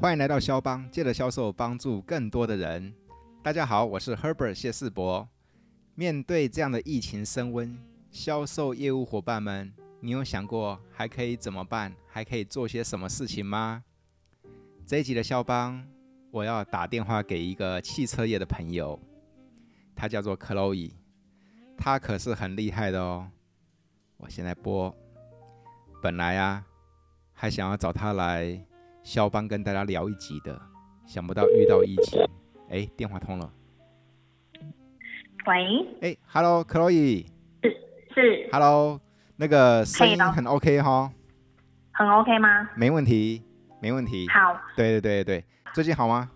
歡迎來到銷幫，借着銷售幫助更多的人。大家好，我是 Herbert 謝世博。面對這樣的疫情升溫，銷售業務夥伴們，你有想過還可以怎麼辦？還可以做些什麼事情嗎？這一集的銷幫，我要打電話給一個汽車業的朋友，他叫做 Chloe，他可是很厲害的哦。我現在播，本來啊，還想要找他來。銷幫跟大家聊一集的，想不到遇到疫情哎，電話通了。喂。哎，Hello，Chloe。是是。Hello，那個聲音很 OK 哈、哦。很 OK 嗎？沒問題，沒問題。好。對對對對對。最近好嗎？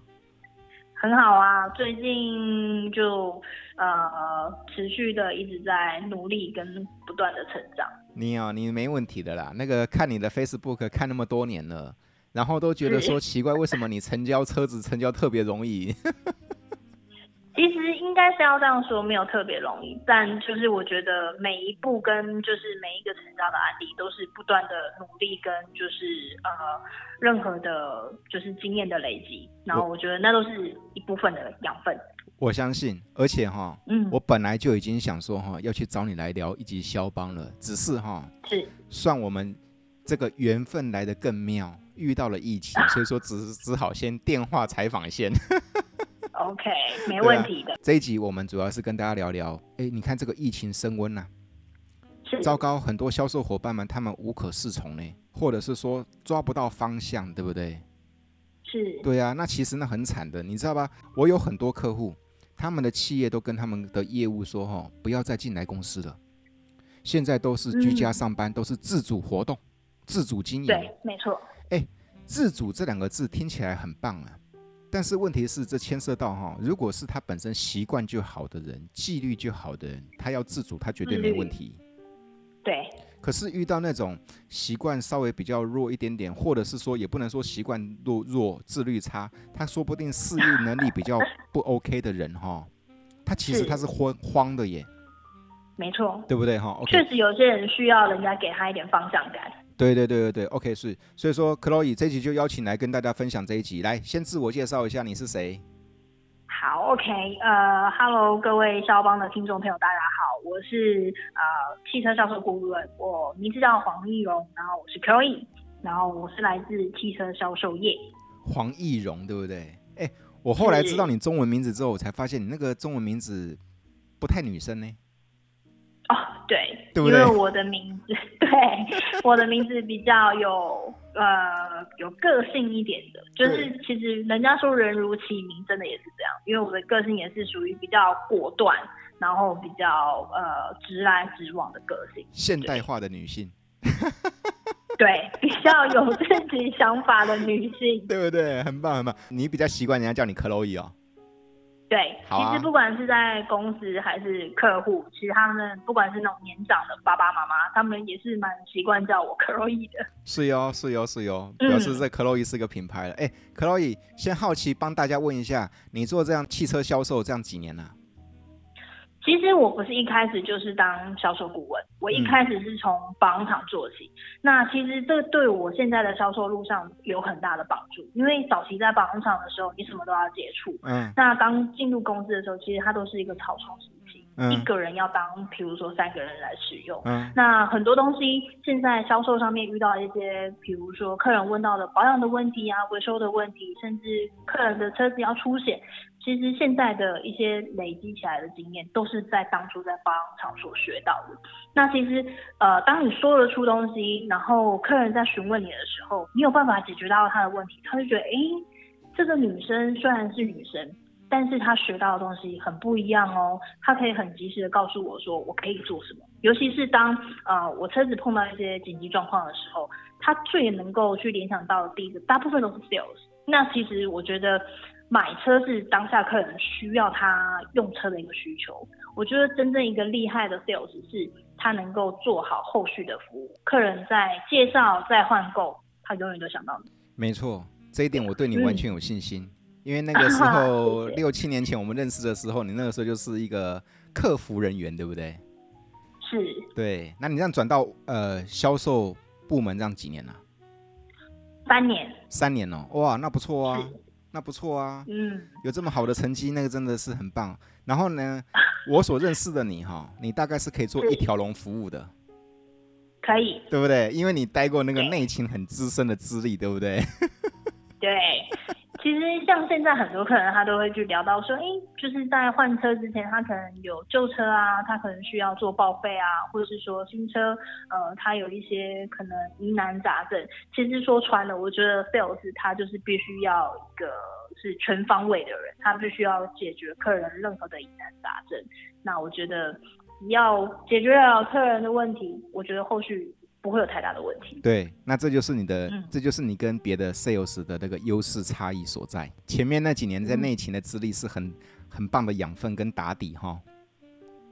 很好啊，最近就呃持續的一直在努力跟不斷的成長。你哦，你沒問題的啦。那個看你的 Facebook 看那麼多年了。然後都覺得說奇怪，為什麼你成交車子成交特別容易 ？其實應該是要這樣說，沒有特別容易，但就是我覺得每一步跟就是每一個成交的案例，都是不斷的努力跟就是呃任何的就是經驗的累積。然後我覺得那都是一部分的養分。我，我相信，而且哈，嗯，我本來就已經想說哈要去找你來聊一集銷幫了，只是哈是算我們這個緣分來得更妙。遇到了疫情，所以說只只好先電話採訪先。 OK，沒問題的，啊。這一集我們主要是跟大家聊聊，哎，你看這個疫情升溫吶，啊，糟糕，很多銷售夥伴們他們無可適從呢，或者是說抓不到方向，對不對？是，對啊。那其實那很慘的，你知道吧？我有很多客戶，他們的企業都跟他們的業務說：“哦，不要再進來公司了，現在都是居家上班，嗯，都是自主活動、自主經營。”對，沒錯。自主這兩個字聽起來很棒啊，但是問題是這牽涉到哈，如果是他本身習慣就好的人，紀律就好的人，他要自主他絕對沒問題。嗯。對。可是遇到那種習慣稍微比較弱一點點，或者是說也不能說習慣弱弱，自律差，他說不定適應能力比較不 OK 的人哈， 他其實他是慌是慌的耶。沒錯，對不對哈？確實有些人需要人家給他一點方向感。對對對對對，OK 是，所以說 Chloe 這一集就邀請來跟大家分享這一集，來先自我介紹一下你是誰。好，OK，呃，Hello，各位銷幫的聽眾朋友，大家好，我是呃汽車銷售顧問，我名字叫黃易榮，然後我是 Chloe，然後我是來自汽車銷售業。黃易榮對不對？哎，我後來知道你中文名字之後，我才發現你那個中文名字不太女生呢。哦、oh，對，對，因為我的名字，對，我的名字比較有呃有個性一點的，就是其實人家說人如其名，真的也是這樣，因為我的個性也是屬於比較果斷，然後比較呃直來直往的個性，現代化的女性，對， 對，比較有自己想法的女性，對不對？很棒很棒，你比較習慣人家叫你克洛伊哦？對，其實不管是在公司還是客戶，啊、其實他們不管是那種年長的爸爸媽媽，他們也是蠻習慣叫我克洛伊的。是喲、哦，是喲、哦，是喲、哦，表示這克洛伊是個品牌了。哎、嗯，克洛伊，Chloe, 先好奇幫大家問一下，你做這樣汽車銷售這樣幾年了？其實我不是一開始就是當銷售顧問，我一開始是從保養廠做起、嗯。那其實這對我現在的銷售路上有很大的幫助，因為早期在保養廠的時候，你什麼都要接觸。嗯，那剛進入公司的時候，其實它都是一個草創時期、嗯、一個人要當，比如說三個人來使用。嗯，那很多東西現在銷售上面遇到一些，比如說客人問到的保養的問題啊、維修的問題，甚至客人的車子要出險。其實現在的一些累積起來的經驗，都是在當初在保場所學到的。那其實，呃，當你說了出東西，然後客人在詢問你的時候，你有辦法解決到他的問題，他就覺得，哎，這個女生雖然是女生，但是她學到的東西很不一樣哦。她可以很及時的告訴我說，我可以做什麼。尤其是當呃我車子碰到一些緊急狀況的時候，他最能夠去聯想到的第一個，大部分都是 sales。那其實我覺得。買車是當下客人需要他用車的一個需求。我覺得真正一個厲害的 sales 是他能夠做好後續的服務。客人在介紹、在換購，他永遠都想到你。沒錯，這一點我對你完全有信心。嗯、因為那個時候六七、啊、年前我們認識的時候，你那個時候就是一個客服人員，對不對？是。對，那你這樣轉到呃銷售部門這樣幾年呢？三年。三年哦、喔，哇，那不錯啊。那不錯啊！嗯，有這麼好的成績，那個真的是很棒。然後呢，啊、我所認識的你哈、哦，你大概是可以做一條龍服務的，可以，對不對？因為你待過那個內勤很資深的資歷，對，對不對？對。 其實像現在很多客人，他都會去聊到說，誒，就是在換車之前，他可能有舊車啊，他可能需要做報廢啊，或者是說新車，呃，他有一些可能疑難雜症。其實說穿了，我覺得 Sales 他就是必須要一個是全方位的人，他必須要解決客人任何的疑難雜症。那我覺得，要解決了客人的問題，我覺得後續。不會有太大的問題。對，那這就是你的，嗯、這就是你跟別的 sales 的那個優勢差異所在。前面那幾年在內勤的資歷是很，嗯、很棒的養分跟打底哈，哦。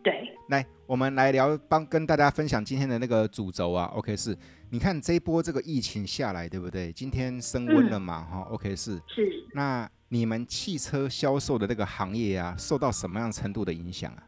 對，來，我們來聊，幫跟大家分享今天的那個主軸啊。OK，是你看這波這個疫情下來，對不對？今天升溫了嘛？哈，嗯，OK，是是。那你們汽車銷售的那個行業啊，受到什麼樣程度的影響啊？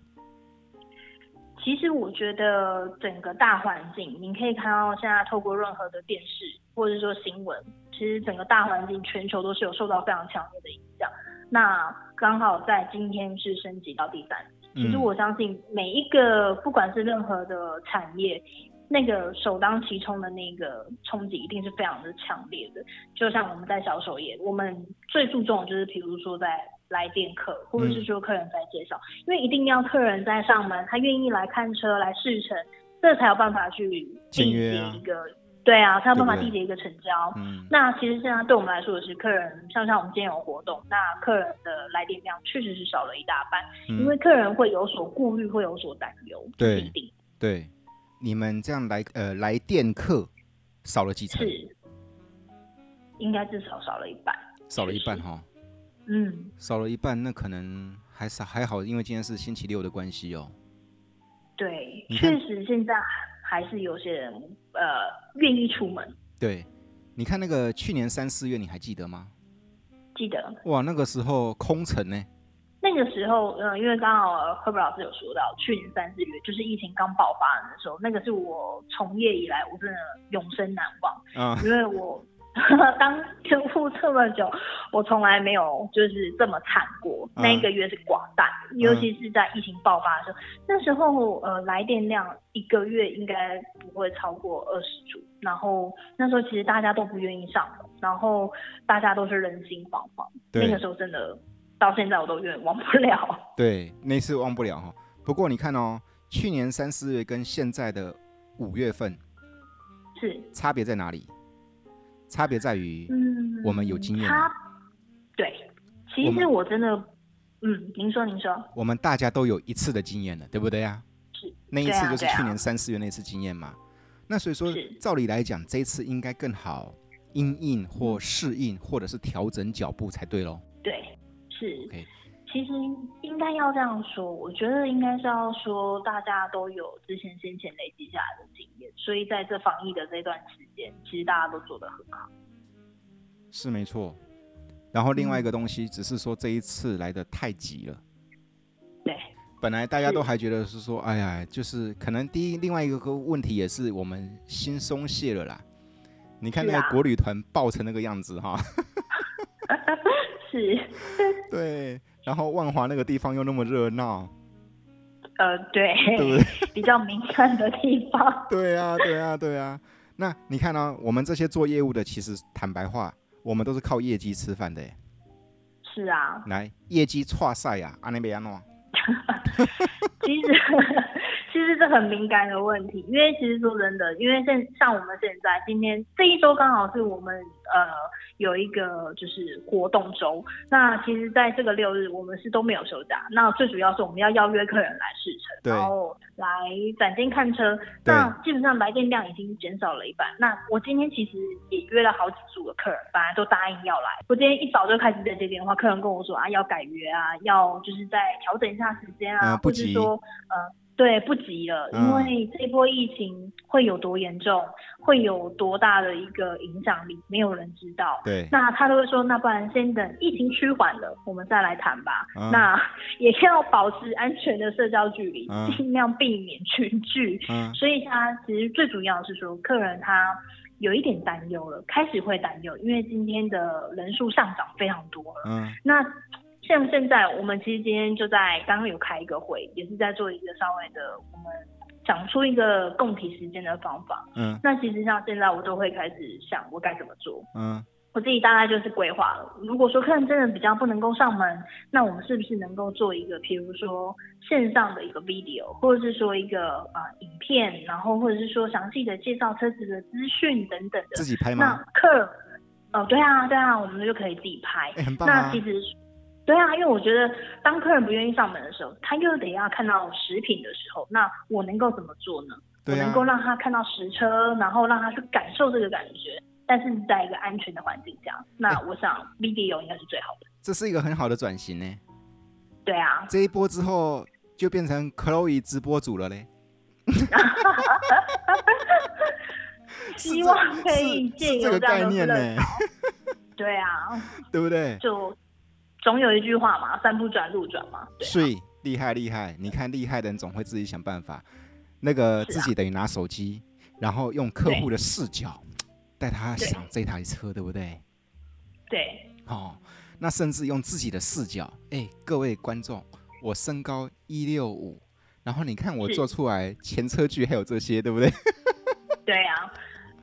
其實我覺得整個大環境，你可以看到現在透過任何的電視，或者說新聞，其實整個大環境全球都是有受到非常強烈的影響。那剛好在今天是升級到第三、嗯。其實我相信每一個不管是任何的產業，那個首當其衝的那個衝擊一定是非常的強烈的。就像我們在銷售業，我們最注重的就是比如說在。來電客，或者是說客人在介紹、嗯，因為一定要客人在上門，他願意來看車、來試乘，這才有辦法去締結一個啊對啊，才有辦法締結一個成交、嗯。那其實現在對我們來說，也是客人，像像我們今天有活動，那客人的來電量確實是少了一大半，嗯、因為客人會有所顧慮，會有所擔憂。對，一定對，對，你們這樣來呃，來電客少了幾成？是，應該至少少了一半，少了一半哈。就是嗯，少了一半，那可能還是還好，因為今天是星期六的關係哦、喔。對，確實現在還是有些人呃願意出門。對，你看那個去年三四月，你還記得嗎？記得。哇，那個時候空城呢、欸？那個時候，呃，因為剛好 Herbert 老師有說到，去年三四月就是疫情剛爆發的時候，那個是我從業以來我真的永生難忘，嗯，因為我。 當客服這麼久，我從來沒有就是這麼慘過。嗯、那一個月是寡淡，尤其是在疫情爆發的時候，嗯、那時候呃來電量一個月應該不會超過二十組。然後那時候其實大家都不願意上，然後大家都是人心惶惶。那個時候真的，到現在我都願意忘不了。對，那次忘不了哈。不過你看哦，去年三四月跟現在的五月份，是差別在哪裡？差別在於，我們有經驗、嗯。他，對，其實我真的，嗯，您說，您說。我們大家都有一次的經驗了、嗯，對不對啊？是。那一次就是去年三四月那次經驗嘛。那所以說，照理來講，這一次應該更好因應或適應，或者是調整腳步才對嘍。對，是。Okay. 其實應該要這樣說，我覺得應該是要說大家都有之前先前累積下來的經驗，所以在這防疫的這段時間，其實大家都做得很好。是沒錯。然後另外一個東西，只是說這一次來得太急了。對。本來大家都還覺得是說，是哎呀，就是可能第一，另外一個問題也是我們心鬆懈了啦。你看那個國旅團爆成那個樣子哈。是，啊、呵呵 是。對。然後萬華那個地方又那麼熱鬧，呃，對，對，比較民生的地方對啊。對啊，對啊，對啊。那你看啊，哦，我們這些做業務的，其實坦白話，我們都是靠業績吃飯的。是啊。來，業績 cross 賽呀， 其實。 很敏感的問題，因為其實說真的，因為現像我們現在今天這一周剛好是我們呃有一個就是活動周，那其實在這個六日我們是都沒有休假，那最主要是我們要邀約客人來試乘，然後來展廳看車，那基本上來電量已經減少了一半。那我今天其實也約了好幾組的客人，本來都答應要來，我今天一早就開始在接電話，客人跟我說啊要改約啊，要就是再調整一下時間啊，或者說呃。對，不急了，因為這一波疫情會有多嚴重，會有多大的一個影響力，沒有人知道。對，那他都會說，那不然先等疫情趨緩了，我們再來談吧。啊、那也要保持安全的社交距離，啊、盡量避免群聚、啊。所以他其實最主要的是說，客人他有一點擔憂了，開始會擔憂，因為今天的人數上漲非常多了。嗯、啊，那。像現在，我們其實今天就在剛剛有開一個會，也是在做一個稍微的，我們講出一個共體時艱的方法。嗯，那其實像現在，我都會開始想我該怎麼做。嗯，我自己大概就是規劃了。如果說客人真的比較不能夠上門，那我們是不是能夠做一個，比如說線上的一個 video，或者是說一個呃影片，然後或者是說詳細的介紹車子的資訊等等的。自己拍嗎？那客，呃、對啊，對啊，我們就可以自己拍。欸，很棒啊、那其實。對啊，因為我覺得當客人不願意上門的時候，他又得要看到實品的時候，那我能夠怎麼做呢？對啊、我能夠讓他看到實車，然後讓他去感受這個感覺，但是在一個安全的環境下，那、欸、我想 video 應該是最好的。這是一個很好的轉型呢。對啊，這一波之後就變成 Chloe 直播主了嘞 希望可以藉由這樣的概念呢。對啊，對不對？就。總有一句話嘛，山不轉路轉嘛。所以厲害厲害，你看厲害的人總會自己想辦法。那個自己等於拿手機、啊，然後用客戶的視角帶他想這一台車對，對不對？對。哦。那甚至用自己的視角，哎、欸，各位觀眾，我身高一六五，然後你看我做出來前車距還有這些，對不對？對啊，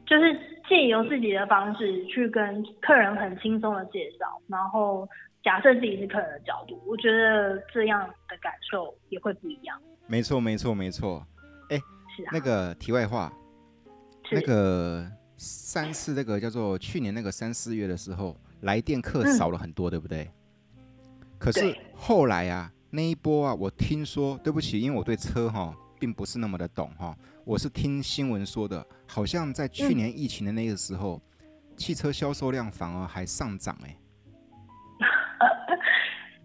就是借由自己的方式去跟客人很輕鬆的介紹，然後。假設自己是客人的角度，我覺得這樣的感受也會不一樣。沒錯，沒錯，沒錯。哎、欸，是啊。那個題外話，那個三四那個叫做去年那個三四月的時候，來電客少了很多、嗯，對不對？可是後來啊，那一波啊，我聽說，對不起，因為我對車哈並不是那麼的懂哈，我是聽新聞說的，好像在去年疫情的那個時候，嗯、汽車銷售量反而還上漲哎、欸。呃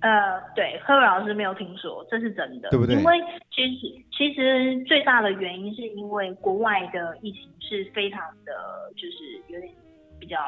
呃，對，赫老師沒有聽說，這是真的，對不對？對，因為其實其實最大的原因是因為國外的疫情是非常的，就是有點比較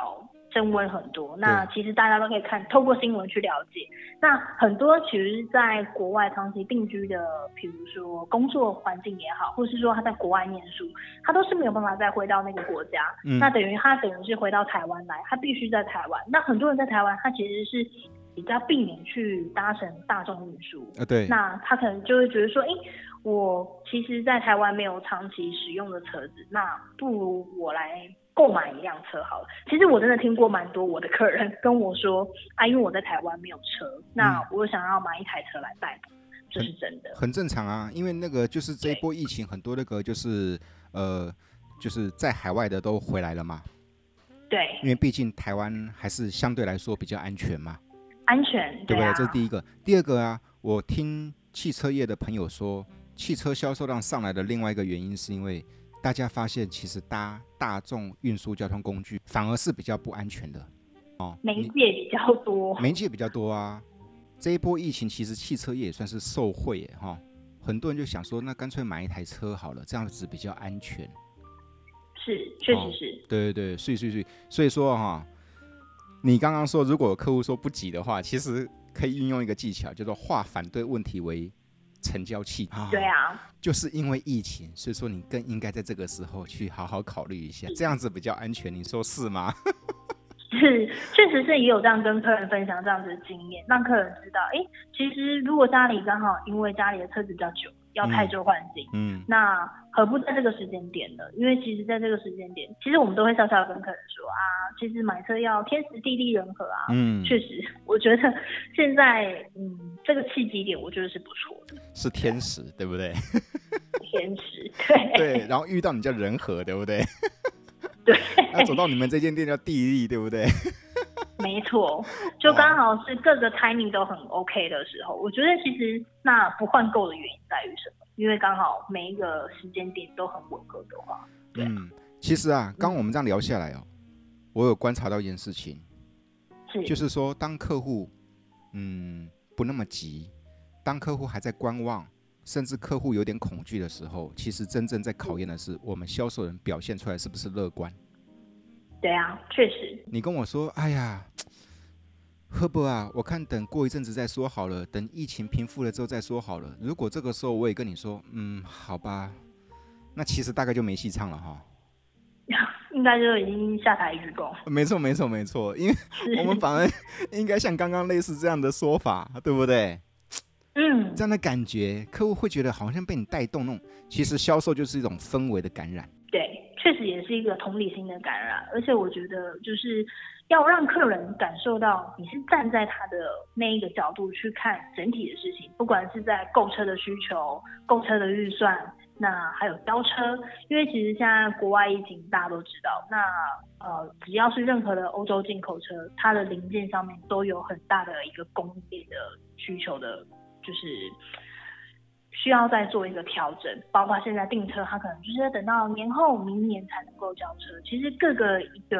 升溫很多。那其實大家都可以看透過新聞去了解，那很多其實，在國外長期定居的，比如說工作環境也好，或是說他在國外念書，他都是沒有辦法再回到那個國家。嗯、那等於他等於是回到台灣來，他必須在台灣。那很多人在台灣，他其實是。比較避免去搭乘大眾運輸啊，對。那他可能就會覺得說：“哎、欸，我其實，在台灣沒有長期使用的車子，那不如我來購買一輛車好了。”其實我真的聽過蠻多我的客人跟我說：“啊，因為我在台灣沒有車，那我想要買一台車來帶。嗯”這、就是真的、嗯，很正常啊。因為那個就是這一波疫情，很多那個就是呃，就是在海外的都回來了嘛。對，因為畢竟台灣還是相對來說比較安全嘛。安全對不對，對、啊。這是第一個，第二個啊，我聽汽車業的朋友說，汽車銷售量上來的另外一個原因，是因為大家發現其實搭大，大眾運輸交通工具反而是比較不安全的，哦，媒介比較多，媒介比較多啊。這一波疫情其實汽車業也算是受惠哈、哦，很多人就想說，那乾脆買一台車好了，這樣子比較安全，是，確實是，哦、對對對，是是是，所以說哈、哦。你剛剛說，如果客戶說不急的話，其實可以運用一個技巧，叫做化反對問題為成交契機、哦。對啊，就是因為疫情，所以說你更應該在這個時候去好好考慮一下，這樣子比較安全，你說是嗎？ 是，確實是也有這樣跟客人分享這樣子的經驗，讓客人知道，誒、欸，其實如果家裡剛好因為家裡的車子比較久。要汰舊換新，嗯，那何不在這個時間點呢？因為其實，在這個時間點，其實我們都會笑笑跟客人說啊，其實買車要天時地利人和啊，嗯，確實，我覺得現在，嗯，這個契機點我覺得是不錯的，是天時對，對不對？天時對，對，然後遇到你叫人和對不對？對， 那走到你們這間店叫地利對不對？沒錯，就剛好是各個 timing 都很 OK 的時候。我覺得其實那不換購的原因在於什麼？因為剛好每一個時間點都很吻合的話，對啊，嗯，其實啊，剛我們這樣聊下來哦，我有觀察到一件事情，是，就是說當客戶嗯不那麼急，當客戶還在觀望，甚至客戶有點恐懼的時候，其實真正在考驗的是我們銷售人表現出來是不是樂觀。對啊，確實。你跟我說，哎呀，赫伯啊，我看等過一陣子再說好了，等疫情平復了之後再說好了。如果這個時候我也跟你說，嗯，好吧，那其實大概就沒戲唱了哈、哦。應 該就已經下台鞠躬，沒錯，沒錯，沒錯。因為我們反而應該像剛剛類似這樣的說法，對不對？ 嗯。這樣的感覺，客戶會覺得好像被你帶動那種，其實銷售就是一種氛圍的感染。也是一個同理心的感染，而且我覺得就是要讓客人感受到你是站在他的那一個角度去看整體的事情，不管是在購車的需求、購車的預算，那還有交車，因為其實現在國外疫情大家都知道，那呃只要是任何的歐洲進口車，它的零件上面都有很大的一個供應的需求的，就是。需要再做一個調整，包括現在訂車，他可能就是等到年後、明年才能夠交車。其實各個一個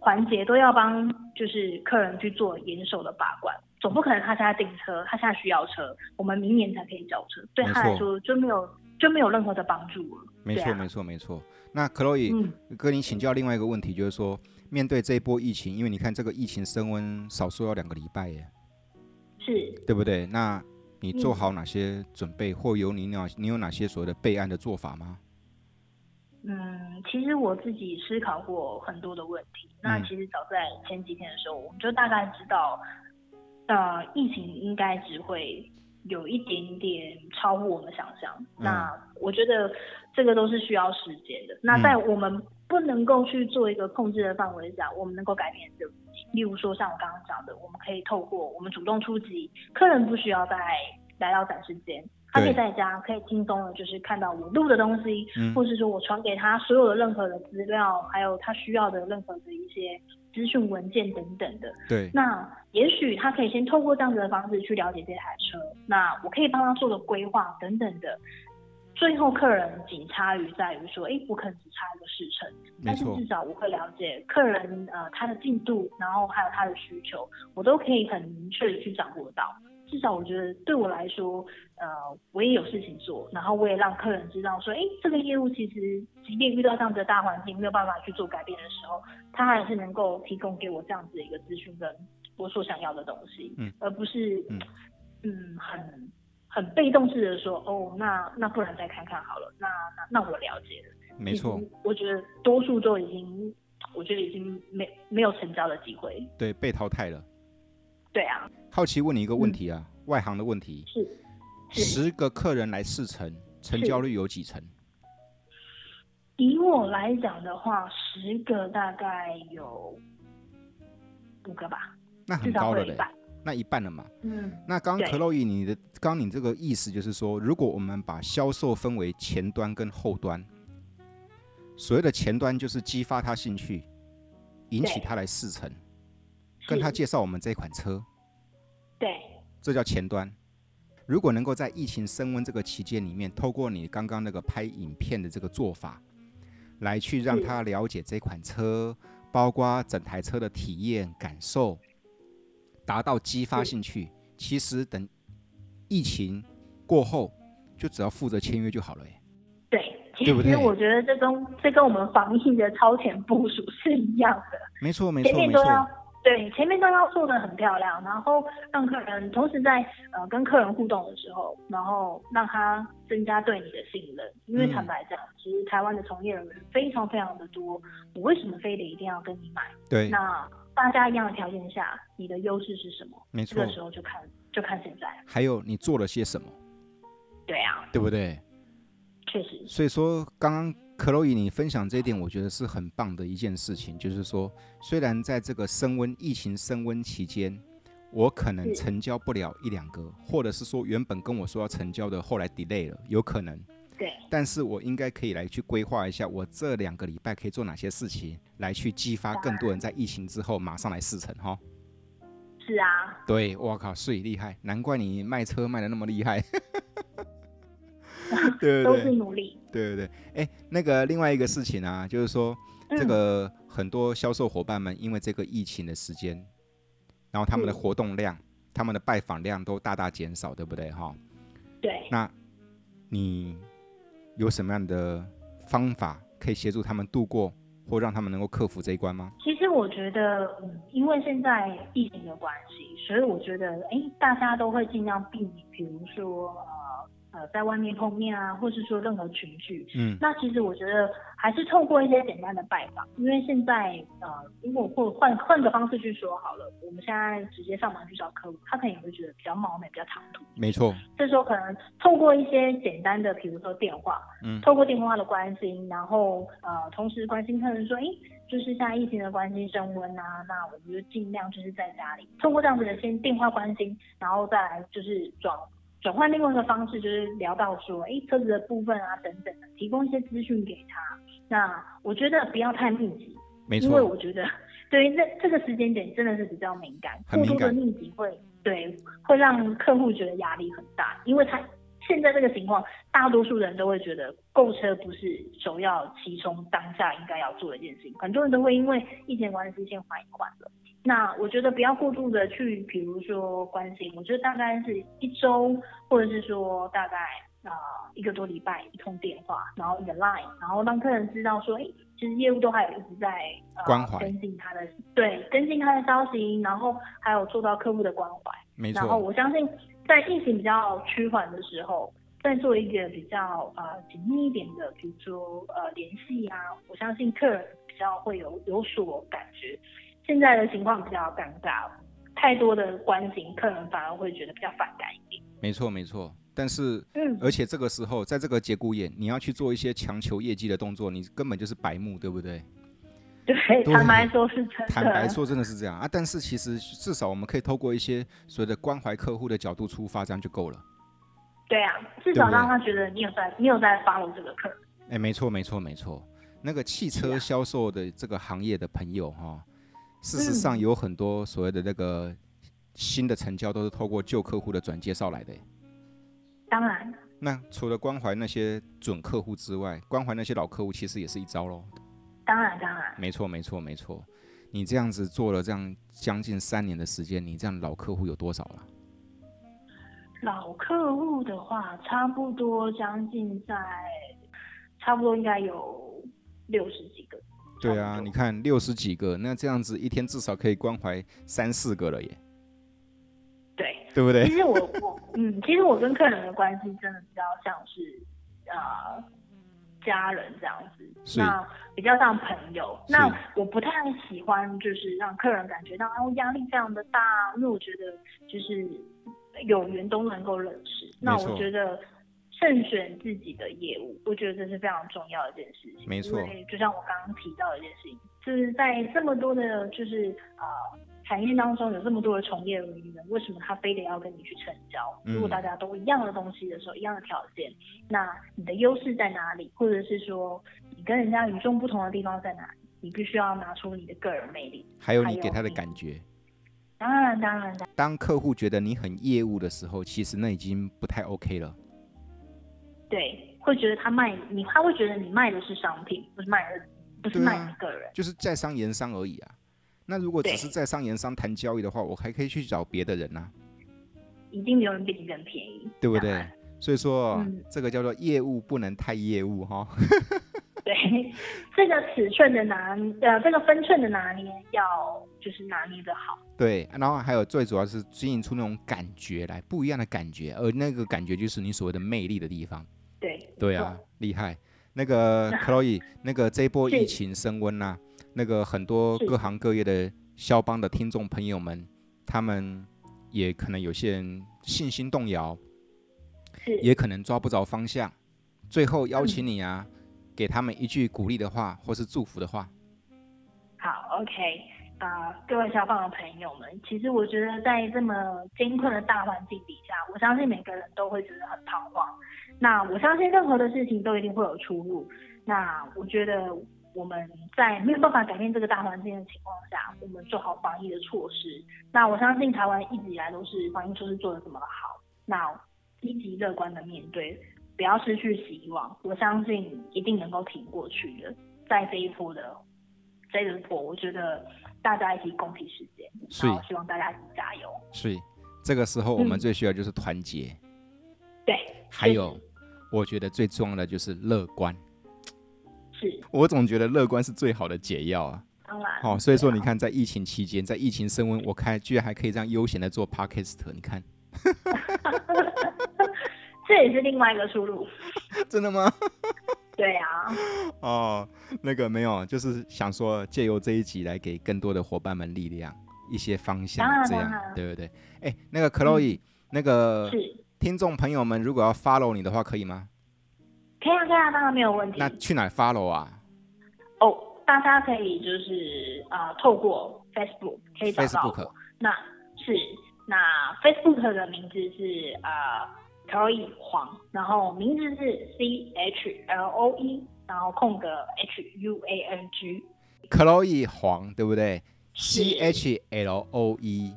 環節都要幫，就是客人去做嚴守的把關，總不可能他現在訂車，他現在需要車，我們明年才可以交車，對他來說就沒有，沒就，沒有就沒有任何的幫助了。沒錯，啊、沒錯，沒錯。那克洛伊，哥，你請教另外一個問題，就是說面對這一波疫情。因為你看這個疫情升溫，少說要兩個禮拜耶，是對不對？那。你做好哪些準備，嗯、或你有你哪你有哪些所謂的備案的做法嗎？嗯，其實我自己思考過很多的問題、嗯。那其實早在前幾天的時候，我們就大概知道，呃，疫情應該只會有一點點超乎我們想象、嗯。那我覺得這個都是需要時間的。那在我們不能夠去做一個控制的範圍下，我們能夠改變什、這個例如說，像我剛剛講的，我們可以透過我們主動出擊，客人不需要再來到展示間，他可以在家，可以輕鬆的，就是看到我錄的東西，或是說我傳給他所有的任何的資料，還有他需要的任何的一些資訊文件等等的。對，那也許他可以先透過這樣子的方式去了解這台車，那我可以幫他做個規劃等等的。最後，客人僅差於在於說，哎、欸，我可能只差一個時程。」但是至少我會了解客人呃他的進度，然後還有他的需求，我都可以很明確的去掌握到。至少我覺得對我來說，呃，我也有事情做，然後我也讓客人知道說，哎、欸，這個業務其實即便遇到這樣子的大環境沒有辦法去做改變的時候，他還是能夠提供給我這樣子的一個資訊跟我所想要的東西，嗯，而不是嗯，嗯很。很被動式的說，哦，那那不然再看看好了。那那那我了解了，沒錯、嗯。我覺得多數都已經，我覺得已經沒沒有成交的機會，對，被淘汰了。對啊。好奇問你一個問題啊，嗯、外行的問題。是。十個客人來試乘，成交率有幾成？以我來講的話，十個大概有五個吧。那很高了嘞。那一半了嘛？嗯。那剛剛 k e 你的剛你這個意思就是說，如果我們把銷售分為前端跟後端，所謂的前端就是激發他興趣，引起他來試乘，跟他介紹我們這款車。對。這叫前端。如果能夠在疫情升溫這個期間裡面，透過你剛剛那個拍影片的這個做法，來去讓他了解這款車，包括整台車的體驗感受，達到激發興趣，其實等疫情過後，就只要負責簽約就好了耶。對，對，對，其實我覺得這跟這跟我們防疫的超前部署是一樣的。沒錯，沒錯，前面都要沒錯。對，前面都要做得很漂亮，然後讓客人同時在呃跟客人互動的時候，然後讓他增加對你的信任。因為坦白講，嗯，其實台灣的從業人員非常非常的多，我為什麼非得一定要跟你買？對，那。大家一樣的條件下，你的優勢是什麼？沒錯，那時候就看就看現在。還有你做了些什麼？對啊，對不對？確實。所以說，剛剛 Chloe 你分享這一點，我覺得是很棒的一件事情。嗯，就是說，雖然在這個升溫疫情升溫期間，我可能成交不了一兩個，或者是說原本跟我說要成交的，後來 delay 了，有可能。對，但是我應該可以來去規劃一下，我這兩個禮拜可以做哪些事情，來去激發更多人在疫情之後馬上來試乘哈、哦。是啊。對，我靠，睡厲害，難怪你賣車賣得那麼厲害。 對，對，都是努力。對對對。哎，那個另外一個事情啊，就是說這個很多銷售夥伴們因為這個疫情的時間，然後他們的活動量、嗯、他們的拜訪量都大大減少，對不對哈？對。那你。有什麼樣的方法可以協助他們度過，或讓他們能夠克服這一關嗎？其實我覺得，嗯、因為現在疫情的關係，所以我覺得，哎，大家都會盡量避免，比如說。呃，在外面碰面啊，或是說任何群聚，嗯，那其實我覺得還是透過一些簡單的拜訪，因為現在呃，如果換換個方式去說好了，我們現在直接上門去找客戶，他可能也會覺得比較冒昧，比較唐突。沒錯。這時候可能透過一些簡單的，比如說電話，嗯，透過電話的關心，然後呃，同時關心客人說，哎、欸，就是現在疫情的關係升溫啊，那我們就盡量就是在家裡，通過這樣子的先電話關心，然後再來就是轉。轉換另外一個方式就是聊到說，哎、欸，車子的部分啊等等的，提供一些資訊給他。那我覺得不要太密集，沒錯，因為我覺得對於這個時間點真的是比較敏感，過多的密集會對會讓客戶覺得壓力很大，因為他現在這個情況，大多數人都會覺得購車不是首要其、其中當下應該要做的一件事情，很多人都會因為疫情關係先緩一緩了。那我覺得不要過度的去，比如說關心，我覺得大概是一周，或者是說大概啊、呃、一個多禮拜一通電話，然後一個 Line，然後讓客人知道說，哎、欸，其實業務都還有一直在、呃、關懷，跟進他的，對，跟進他的消息，然後還有做到客戶的關懷，沒錯。然後我相信在疫情比較趨緩的時候，再做一個比較啊、呃、緊密一點的，比如說呃聯繫啊，我相信客人比較會有有所感覺。現在的情況比較尷尬哦，太多的關心，客人反而會覺得比較反感一點。沒錯，沒錯。但是，嗯，而且這個時候，在這個節骨眼，你要去做一些強求業績的動作，你根本就是白目，對不對？對，對，坦白說是真的。坦白說，真的是這樣啊。但是其實，至少我們可以透過一些所謂的關懷客戶的角度出發，這樣就夠了。對啊，至少讓他覺得你有在，對對，你有在發落這個客。哎，沒錯，沒錯，沒錯。那個汽車銷售的這個行業的朋友哈。事實上，有很多所謂的那個新的成交都是透過舊客戶的轉介紹來的，欸。當然。那除了關懷那些準客戶之外，關懷那些老客戶其實也是一招嘍。當然，當然。沒錯，沒錯，沒錯。你這樣子做了這樣將近三年的時間，你這樣老客戶有多少了啊？老客戶的話，差不多將近在，差不多應該有六十幾個。對啊，你看六十幾個，那這樣子一天至少可以關懷三四個了耶。對，對不對？其實我 我嗯，其實我跟客人的關係真的比較像是呃家人這樣子，那比較像朋友。那我不太喜歡就是讓客人感覺到啊、哦、壓力非常的大啊，因為我覺得就是有緣都能夠認識，那我覺得。慎選自己的業務，我覺得這是非常重要的一件事情。沒錯，就像我剛剛提到的一件事情，就是在這麼多的，就是啊、呃、產業當中有這麼多的從業人員，為什麼他非得要跟你去成交、嗯？如果大家都一樣的東西的時候，一樣的條件，那你的優勢在哪裡？或者是說，你跟人家與眾不同的地方在哪裡？你必須要拿出你的個人魅力，還有你給他的感覺。當然，當然，當然，當客戶覺得你很業務的時候，其實那已經不太 OK 了。對，會覺得他賣你，他會覺得你賣的是商品，不是賣人，不是賣一個人、啊，就是在商言商而已啊。那如果只是在商言商談交易的話，我還可以去找別的人呢、啊、一定有人比你更便宜，對不對？所以說、嗯，這個叫做業務不能太業務哈、哦。 對，這個尺寸的拿呃，這個分寸的拿捏要就是拿捏的好。對，然後還有最主要是經營出那種感覺來，不一樣的感覺，而那個感覺就是你所謂的魅力的地方。對啊對，厲害。那個 Chloe， 那個這波疫情升溫吶、啊，那個很多各行各業的銷幫的聽眾朋友們，他們也可能有些人信心動搖，也可能抓不着方向。最後邀請你啊，嗯、給他們一句鼓勵的話或是祝福的話。好，OK，啊、呃，各位銷幫的朋友們，其實我覺得在這麼艱困的大環境底下，我相信每個人都會覺得很彷徨。那我相信任何的事情都一定會有出路。那我覺得我們在沒有辦法改變這個大環境的情況下，我們做好防疫的措施。那我相信台灣一直以來都是防疫措施做得這麼好。那積極樂觀的面對，不要失去希望。我相信一定能夠挺過去的。在這一波的，這一波，我覺得大家一起共體時艱，需希望大家一起加油。是，這個時候我們最需要就是團結。嗯還有，我覺得最重要的就是樂觀。是，我總覺得樂觀是最好的解藥啊。當然。哦，所以說你看，在疫情期間，在疫情升溫，我看居然還可以這樣悠閒的做 podcast，你看。 這也是另外一個出路。真的嗎？對呀、啊。哦，那個沒有，就是想說借由這一集來給更多的夥伴們力量，一些方向，這樣，對不對？哎、嗯，那個 Chloe，那個聽眾朋友們，如果要 follow 你的話，可以嗎？可以啊，可以啊，當然沒有問題。那去哪 follow 啊？哦、oh,，大家可以就是啊、呃、透過 Facebook 可以找到。Facebook 那是那 Facebook 的名字是啊、呃、Chloe 黃，然後名字是 C H L O E，然後空格 H U A N G。Chloe 黃對不對？C H L O E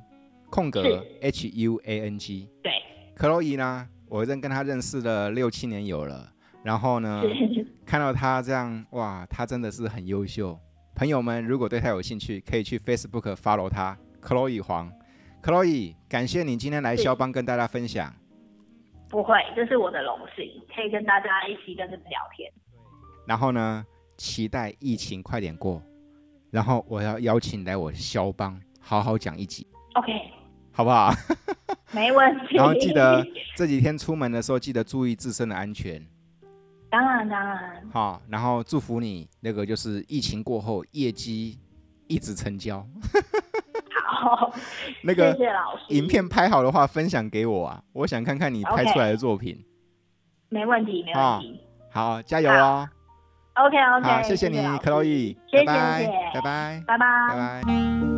空格 H U A N G 對。克洛伊呢？我已經跟他認識了六七年有了，然後呢，看到他這樣，哇，他真的是很優秀。朋友們如果對他有興趣，可以去 Facebook follow 他。克洛伊黃。克洛伊，感謝你今天來銷幫跟大家分享。不會，這是我的榮幸，可以跟大家一起跟他們聊天。然後呢，期待疫情快點過，然後我要邀請來我銷幫好好講一集。OK。好不好？沒問題。 然後記得這幾天出門的時候，記得注意自身的安全。當然當然。好、哦，然後祝福你，那個就是疫情過後業績一直成交。 好謝謝老師，那個影片拍好的話，分享給我啊，我想看看你拍出來的作品。Okay. 沒問題沒問題、哦。好，加油啊！OK OK，好謝謝你，克洛伊。謝謝拜拜拜拜拜拜。Bye bye bye bye bye bye bye bye